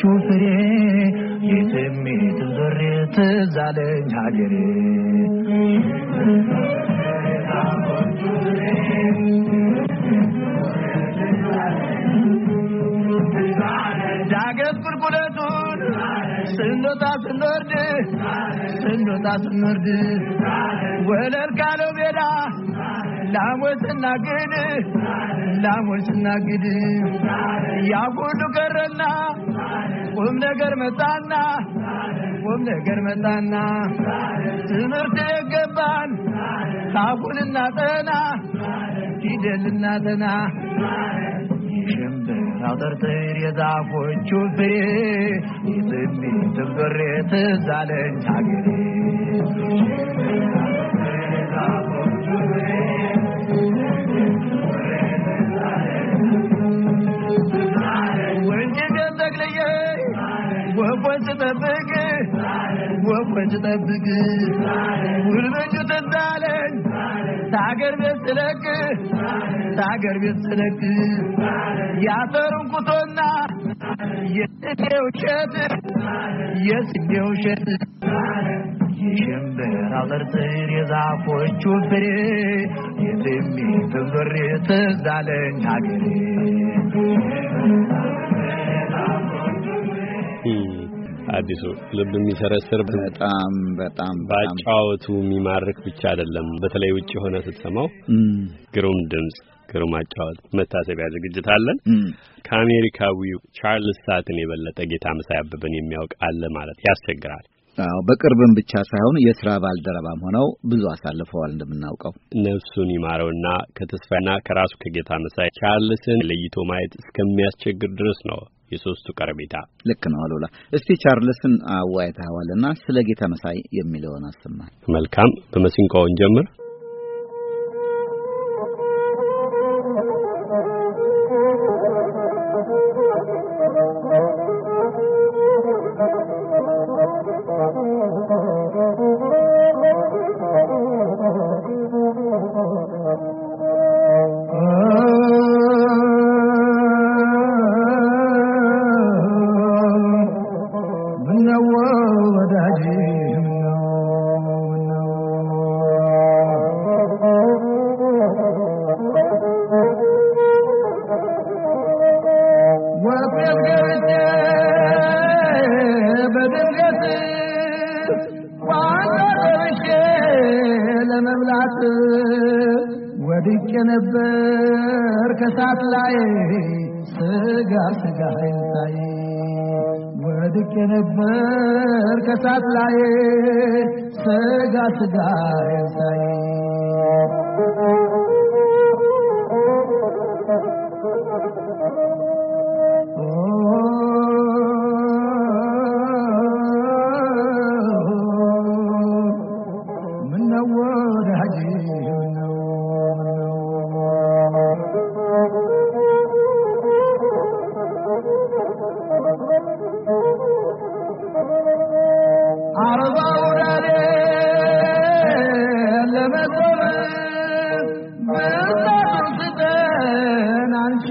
የልጆቻችሁ ፍሬ የትሜት ዞሬ ትዝ አለኝ ሀገሬ ዳገት ቁልቁለቱን ስንወጣ ስንወርድ ስንወጣ ስንወርድ ወለል ካለው ቤዳ ላሞትና ግድ ላሞትና ግድ ያሁሉ ቀረና ቁም ነገር መጣና ቁም ነገር መጣና ትምህርት የገባን ታኩልና ጠና ፊደልና ጠና ሽምብራ የዛፎቹ ፍሬ የትንቢትም ፍሬ ትዝ አገሬ ወፎች ጠብቅ ወፎች ጠብቅ ውርበቹ ትዳለኝ ታገር ቤት ስለቅ ታገር ቤት ስለቅ ያፈሩን ኩቶና የስንዴ ውሸት የስንዴ ውሸት የሽምብራ ዝርዝር የዛፎቹ ፍሬ የትም ትዝ አለኝ አዲሱ ልብ የሚሰረስር በጣም በጣም ባጫወቱ የሚማርክ ብቻ አይደለም። በተለይ ውጭ የሆነ ስትሰማው ግሩም ድምፅ፣ ግሩም አጫወት። መታሰቢያ ዝግጅት አለን። ከአሜሪካዊው ቻርልስ ሳትን የበለጠ ጌታ መሳይ አበበን የሚያውቅ አለ ማለት ያስቸግራል። አዎ በቅርብም ብቻ ሳይሆን የስራ ባልደረባም ሆነው ብዙ አሳልፈዋል። እንደምናውቀው ነፍሱን ይማረውና ከተስፋና ከራሱ ከጌታ መሳይ ቻርልስን ለይቶ ማየት እስከሚያስቸግር ድረስ ነው የሶስቱ ቀረቤታ። ልክ ነው አሉላ። እስቲ ቻርልስን አወያይተዋልና ስለ ጌታ መሳይ የሚለውን አሰማል። መልካም፣ በመሲንቋውን ጀምር። है रस जाए सही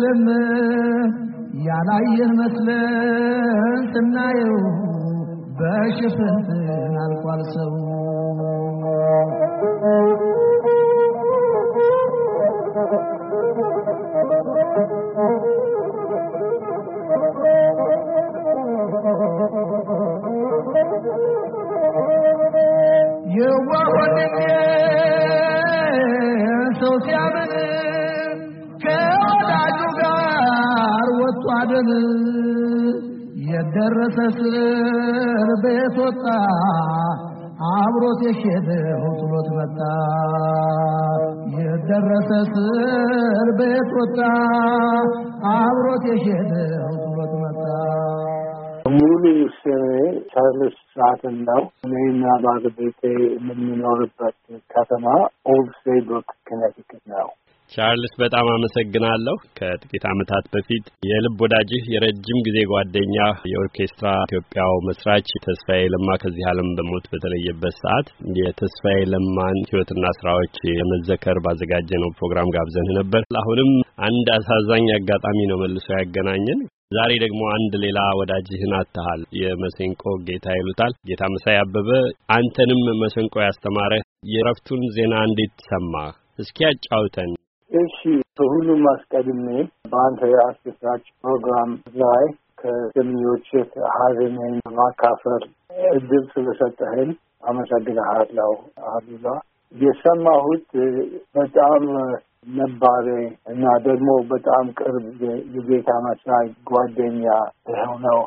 አይደለም ያላየህ መስለን ስናየው በሽፍን አልቋል ሰው የዋሆንኝ ሰው ሲያምን የደረሰ ስር ቤት ወጣ አብሮት የሸደው ጥሎት መጣ የደረሰ ስር ቤት ወጣ አብሮት ጥሎት መጣ። ሙሉ ስሜ ቻርልስ ሳትን ነው። እኔና ባለቤቴ የምንኖርበት ከተማ ኦልድ ስቴብሩክ ኮኔክቲከት ነው። ቻርልስ በጣም አመሰግናለሁ። ከጥቂት ዓመታት በፊት የልብ ወዳጅህ የረጅም ጊዜ ጓደኛ የኦርኬስትራ ኢትዮጵያው መስራች ተስፋዬ ለማ ከዚህ ዓለም በሞት በተለየበት ሰዓት የተስፋዬ ለማን ሕይወትና ስራዎች የመዘከር ባዘጋጀነው ፕሮግራም ጋብዘንህ ነበር። አሁንም አንድ አሳዛኝ አጋጣሚ ነው መልሶ ያገናኘን። ዛሬ ደግሞ አንድ ሌላ ወዳጅህን አትሃል። የመሰንቆ ጌታ ይሉታል ጌታ መሳይ አበበ አንተንም መሰንቆ ያስተማረህ የእረፍቱን ዜና እንዴት ሰማህ? እስኪ ያጫውተን። እሺ ከሁሉም አስቀድሜ በአንተ የአስደሳች ፕሮግራም ላይ ከሰሚዎች ሀዘኔን ማካፈል እድል ስለሰጠህን አመሰግናሃለሁ። አሉላ የሰማሁት በጣም ነባሬ እና ደግሞ በጣም ቅርብ የጌታ መስራይ ጓደኛ የሆነው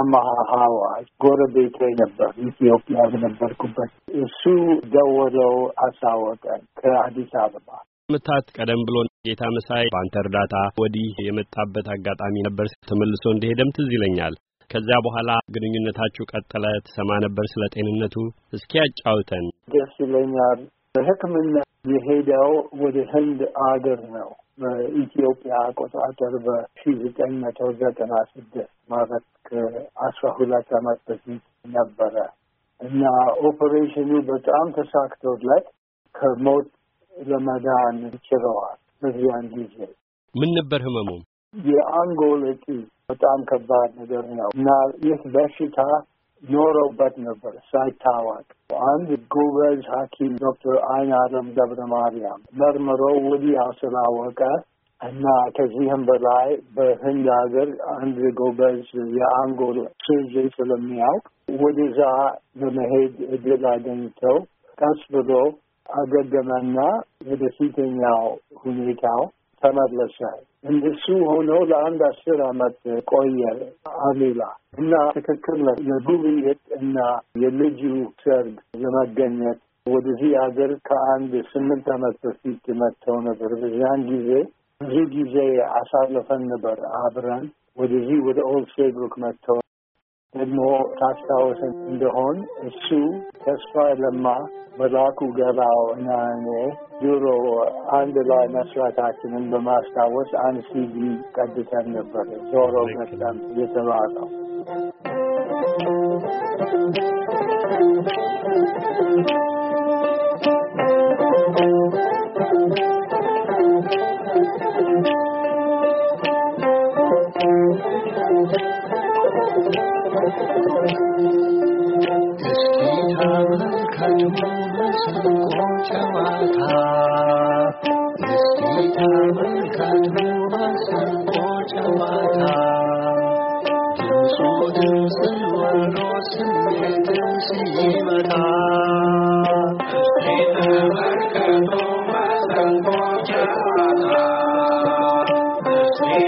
አማሃሃዋ ጎረቤቴ ነበር። ኢትዮጵያ በነበርኩበት እሱ ደወለው አሳወቀን ከአዲስ አበባ ዓመታት ቀደም ብሎ ጌታ መሳይ በአንተ እርዳታ ወዲህ የመጣበት አጋጣሚ ነበር። ተመልሶ እንደሄደም ትዝ ይለኛል። ከዚያ በኋላ ግንኙነታችሁ ቀጠለ። ትሰማ ነበር ስለ ጤንነቱ። እስኪ ያጫውተን። ደስ ይለኛል። በሕክምና የሄደው ወደ ህንድ አገር ነው። በኢትዮጵያ አቆጣጠር በሺ ዘጠኝ መቶ ዘጠና ስድስት ማለት ከአስራ ሁለት ዓመት በፊት ነበረ እና ኦፐሬሽኑ በጣም ተሳክቶለት ከሞት ለመዳን ችለዋል። በዚያን ጊዜ ምን ነበር ህመሙ? የአንጎል እጢ በጣም ከባድ ነገር ነው እና ይህ በሽታ ኖረውበት ነበር ሳይታወቅ። አንድ ጎበዝ ሐኪም ዶክተር አይን አለም ገብረ ማርያም መርምሮ ወዲያው ስላወቀ እና ከዚህም በላይ በህንድ ሀገር አንድ ጎበዝ የአንጎል ስዝ ስለሚያውቅ ወደዛ በመሄድ እድል አገኝተው ቀስ ብሎ አገገመና ወደ ፊተኛው ሁኔታው ተመለሰ። እንደሱ ሆኖ ለአንድ አስር አመት ቆየ አሉላ እና ትክክል የጉብኝት እና የልጁ ሰርግ ለመገኘት ወደዚህ ሀገር ከአንድ ስምንት አመት በፊት መጥተው ነበር። በዚያን ጊዜ ብዙ ጊዜ አሳልፈን ነበር አብረን። ወደዚህ ወደ ኦልድ ሴብሩክ መጥተው ደግሞ ታስታወሰ እንደሆን እሱ ተስፋ ለማ መላኩ ገባው እና እኔ ድሮ አንድ ላይ መስራታችንን በማስታወስ አንድ ሲዲ ቀድተን ነበር። ዞሮ መስጠም የተባለው Thank 这是他们看不完、想不穿袜子。这是他们看不完、想不穿袜子。听说的世外罗刹女真是那么大，谁敢来看不完、想不穿袜子？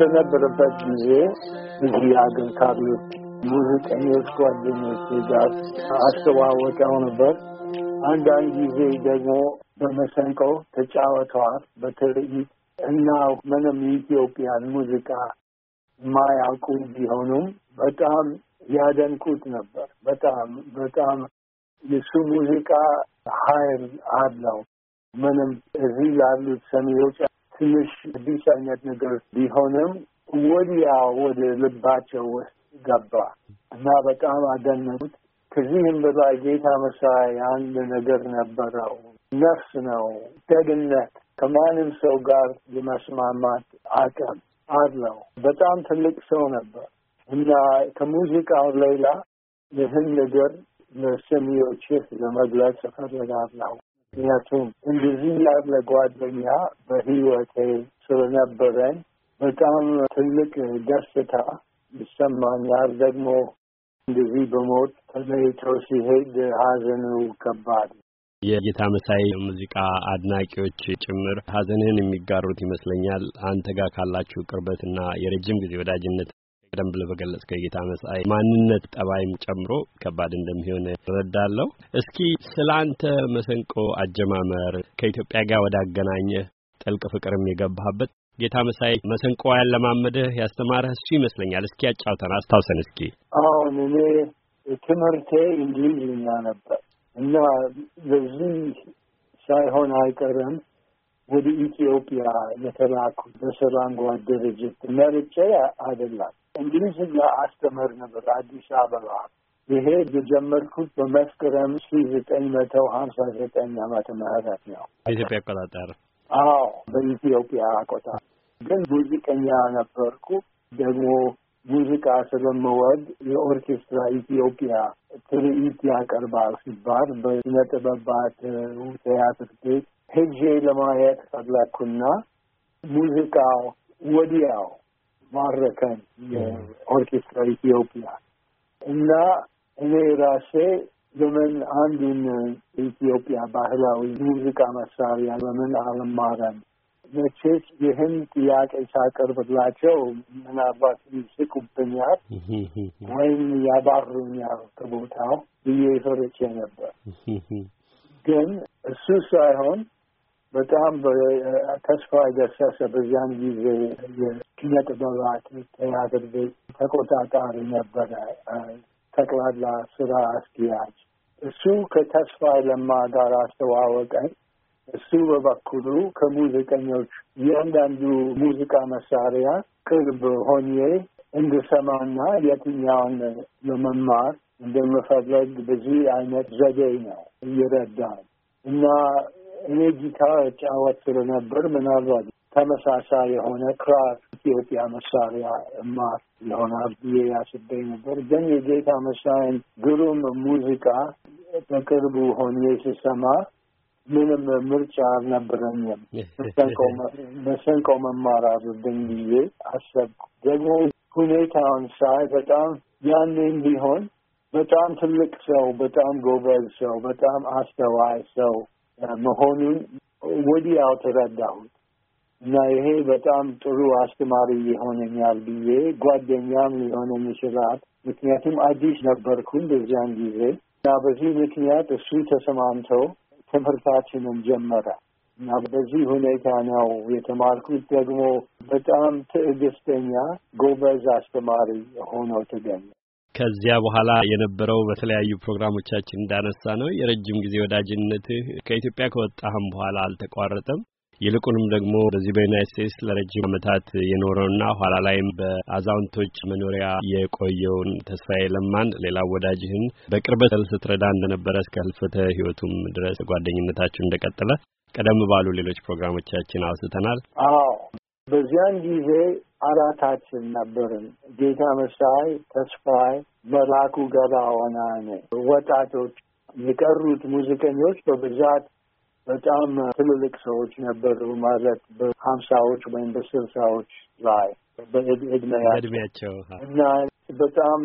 በነበረበት ጊዜ ብዙ የሀገር ካሪዎች፣ ሙዚቀኞች ጓደኞች ጋር አስተዋወቀው ነበር። አንዳንድ ጊዜ ደግሞ በመሰንቆ ተጫወተዋል በትርኢት እና ምንም የኢትዮጵያን ሙዚቃ ማያውቁ ቢሆኑም በጣም ያደንቁት ነበር። በጣም በጣም የሱ ሙዚቃ ኃይል አለው። ምንም እዚህ ላሉት ሰሚዎች ትንሽ አዲስ አይነት ነገር ቢሆንም ወዲያ ወደ ልባቸው ገባ እና በጣም አደነቁት። ከዚህም በላይ ጌታ መሳይ አንድ ነገር ነበረው። ነፍስ ነው፣ ደግነት፣ ከማንም ሰው ጋር የመስማማት አቅም አለው። በጣም ትልቅ ሰው ነበር እና ከሙዚቃው ሌላ ይህን ነገር ለሰሚዎችህ ለመግለጽ እፈልጋለሁ። ምክንያቱም እንደዚህ ያለ ጓደኛ በህይወቴ ስለነበረኝ በጣም ትልቅ ደስታ ይሰማኛል። ደግሞ እንደዚህ በሞት ተለይቶ ሲሄድ ሀዘኑ ከባድ። የጌታ መሳይ ሙዚቃ አድናቂዎች ጭምር ሀዘንህን የሚጋሩት ይመስለኛል። አንተ ጋር ካላችሁ ቅርበትና የረጅም ጊዜ ወዳጅነት ቀደም ብለህ በገለጽከው የጌታ መሳይ ማንነት ጠባይም ጨምሮ ከባድ እንደሚሆን እረዳለሁ። እስኪ ስለ አንተ መሰንቆ አጀማመር ከኢትዮጵያ ጋር ወዳገናኘህ ጥልቅ ፍቅርም የገባህበት ጌታ መሳይ መሰንቆ ያለማመደህ ያስተማረህ እሱ ይመስለኛል። እስኪ ያጫውተን፣ አስታውሰን እስኪ። አሁን እኔ ትምህርቴ እንግሊዝኛ ነበር እና በዚህ ሳይሆን አይቀርም ወደ ኢትዮጵያ የተላኩ በስር አንጓድ ድርጅት መርጬ አይደለም። እንግሊዝኛ አስተምር ነበር አዲስ አበባ። ይሄ የጀመርኩት በመስከረም ሺ ዘጠኝ መቶ ሀምሳ ዘጠኝ ዓመተ ምህረት ነው በኢትዮጵያ አቆጣጠር። አዎ በኢትዮጵያ አቆጣ ግን ሙዚቀኛ ነበርኩ ደግሞ ሙዚቃ ስለምወድ የኦርኬስትራ ኢትዮጵያ ትርኢት ያቀርባል ሲባል በስነ ጥበባት ቲያትር ቤት ሄጄ ለማየት ፈለኩና ሙዚቃው ወዲያው ማረከን የኦርኬስትራ ኢትዮጵያ እና እኔ ራሴ ለምን አንዱን ኢትዮጵያ ባህላዊ ሙዚቃ መሳሪያ ለምን አልማረም? መቼስ ይህን ጥያቄ ሳቀርብላቸው ምናልባት ይስቁብኛል ወይም ያባሩኛል ከቦታው ብዬ ፈርቼ ነበር። ግን እሱ ሳይሆን በጣም ተስፋ የገሰሰ በዚያን ጊዜ የኪነ ጥበባት ቤት ተቆጣጣሪ ነበረ፣ ጠቅላላ ስራ አስኪያጅ። እሱ ከተስፋ ለማ ጋር አስተዋወቀኝ። እሱ በበኩሉ ከሙዚቀኞች እያንዳንዱ ሙዚቃ መሳሪያ ቅርብ ሆኜ እንድሰማና የትኛውን ለመማር እንደምፈለግ ብዙ አይነት ዘዴ ነው ይረዳል እና እኔ ጊታር እጫወት ስለነበር ምናልባት ተመሳሳይ የሆነ ክራር ኢትዮጵያ መሳሪያ እማ ይሆናል ብዬ ያስበኝ ነበር። ግን የጌታ መሳይን ግሩም ሙዚቃ በቅርቡ ሆኜ ስሰማ ምንም ምርጫ አልነበረኝም። መሰንቆ መማር አለብኝ ብዬ አሰብኩ። ደግሞ ሁኔታውን ሳይ በጣም ያኔም ቢሆን በጣም ትልቅ ሰው፣ በጣም ጎበዝ ሰው፣ በጣም አስተዋይ ሰው መሆኑን ወዲያው ተረዳሁት እና ይሄ በጣም ጥሩ አስተማሪ ይሆነኛል ብዬ ጓደኛም ሊሆነ ይችላል። ምክንያቱም አዲስ ነበርኩን በዚያን ጊዜ እና በዚህ ምክንያት እሱ ተሰማምተው ትምህርታችንን ጀመረ እና በዚህ ሁኔታ ነው የተማርኩት። ደግሞ በጣም ትዕግስተኛ ጎበዝ አስተማሪ ሆኖ ተገኘ። ከዚያ በኋላ የነበረው በተለያዩ ፕሮግራሞቻችን እንዳነሳ ነው የረጅም ጊዜ ወዳጅነትህ ከኢትዮጵያ ከወጣህም በኋላ አልተቋረጠም። ይልቁንም ደግሞ በዚህ በዩናይት ስቴትስ ለረጅም ዓመታት የኖረውና ኋላ ላይም በአዛውንቶች መኖሪያ የቆየውን ተስፋዬ ለማን ሌላ ወዳጅህን በቅርበት ስትረዳ እንደነበረ እስከ ህልፈተ ህይወቱም ድረስ ጓደኝነታችሁ እንደቀጠለ ቀደም ባሉ ሌሎች ፕሮግራሞቻችን አውስተናል። በዚያን ጊዜ አራታችን ነበርን። ጌታ መሳይ ተስፋይ፣ መላኩ ገባኦና ወጣቶች፣ የቀሩት ሙዚቀኞች በብዛት በጣም ትልልቅ ሰዎች ነበሩ። ማለት በሀምሳዎች ወይም በስልሳዎች ላይ በእድሜያቸው እና በጣም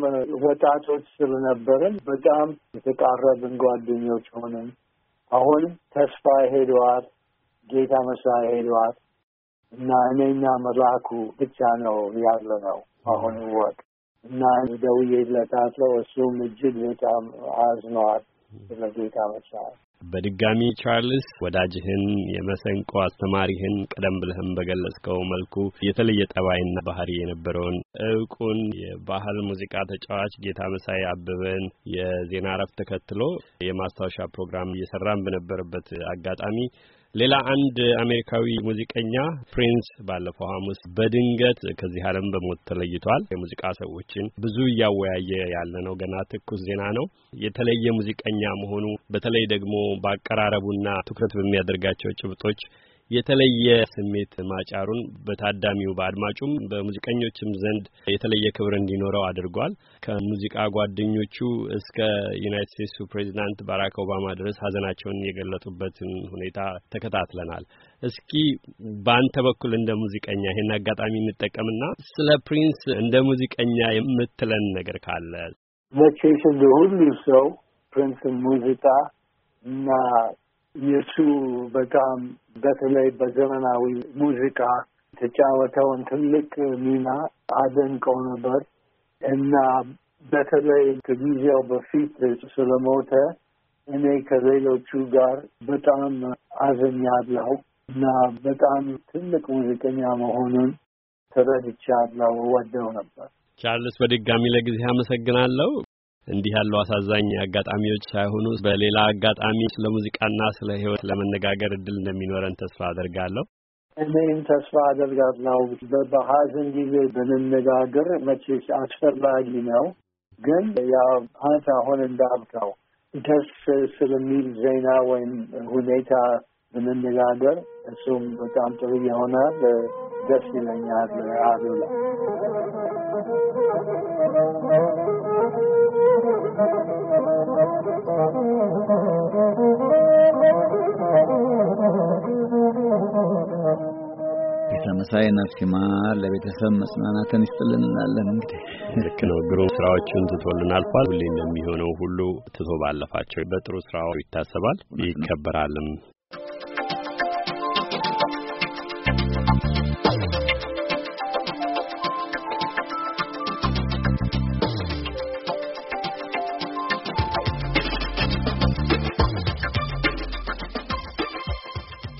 ወጣቶች ስለነበርን በጣም የተቃረብን ጓደኞች ሆንን። አሁን ተስፋ ሄደዋል፣ ጌታ መሳይ ሄደዋል እና እኔና መልአኩ ብቻ ነው ያለ ነው አሁን ወቅት እና ደውዬለታለሁ። እሱም እጅግ በጣም አዝኗል ስለ ጌታ በድጋሚ ቻርልስ ወዳጅህን የመሰንቆ አስተማሪህን ቀደም ብለህም በገለጽከው መልኩ የተለየ ጠባይና ባህሪ የነበረውን እውቁን የባህል ሙዚቃ ተጫዋች ጌታ መሳይ አበበን የዜና እረፍት ተከትሎ የማስታወሻ ፕሮግራም እየሰራን በነበረበት አጋጣሚ ሌላ አንድ አሜሪካዊ ሙዚቀኛ ፕሪንስ ባለፈው ሐሙስ በድንገት ከዚህ ዓለም በሞት ተለይቷል። የሙዚቃ ሰዎችን ብዙ እያወያየ ያለ ነው፣ ገና ትኩስ ዜና ነው። የተለየ ሙዚቀኛ መሆኑ በተለይ ደግሞ በአቀራረቡና ትኩረት በሚያደርጋቸው ጭብጦች የተለየ ስሜት ማጫሩን በታዳሚው በአድማጩም በሙዚቀኞችም ዘንድ የተለየ ክብር እንዲኖረው አድርጓል። ከሙዚቃ ጓደኞቹ እስከ ዩናይት ስቴትሱ ፕሬዚዳንት ባራክ ኦባማ ድረስ ሀዘናቸውን የገለጡበትን ሁኔታ ተከታትለናል። እስኪ በአንተ በኩል እንደ ሙዚቀኛ ይህን አጋጣሚ እንጠቀምና ስለ ፕሪንስ እንደ ሙዚቀኛ የምትለን ነገር ካለ መቼስ ሁሉ ሰው ፕሪንስን ሙዚቃ እና የእሱ በጣም በተለይ በዘመናዊ ሙዚቃ ተጫወተውን ትልቅ ሚና አደንቀው ነበር እና በተለይ ከጊዜው በፊት ስለሞተ እኔ ከሌሎቹ ጋር በጣም አዝኛለሁ እና በጣም ትልቅ ሙዚቀኛ መሆኑን ተረድቻለሁ። ወደው ነበር። ቻርልስ፣ በድጋሚ ለጊዜ አመሰግናለሁ። እንዲህ ያለው አሳዛኝ አጋጣሚዎች ሳይሆኑ በሌላ አጋጣሚ ስለ ሙዚቃና ስለ ህይወት ለመነጋገር እድል እንደሚኖረን ተስፋ አደርጋለሁ። እኔም ተስፋ አደርጋለሁ። በሀዘን ጊዜ ብንነጋገር መቼ አስፈላጊ ነው። ግን ያው አንተ አሁን እንዳልከው ደስ ስለሚል ዜና ወይም ሁኔታ ብንነጋገር እሱም በጣም ጥሩ የሆነ ደስ ይለኛል አሉላ የሳመሳይ ነፍስ ይማር፣ ለቤተሰብ መጽናናትን ይስጥልን እንላለን። እንግዲህ ልክ ነው። ግሩም ስራዎቹን ትቶልን አልፏል። ሁሌ እንደሚሆነው ሁሉ ትቶ ባለፋቸው በጥሩ ስራው ይታሰባል ይከበራልም።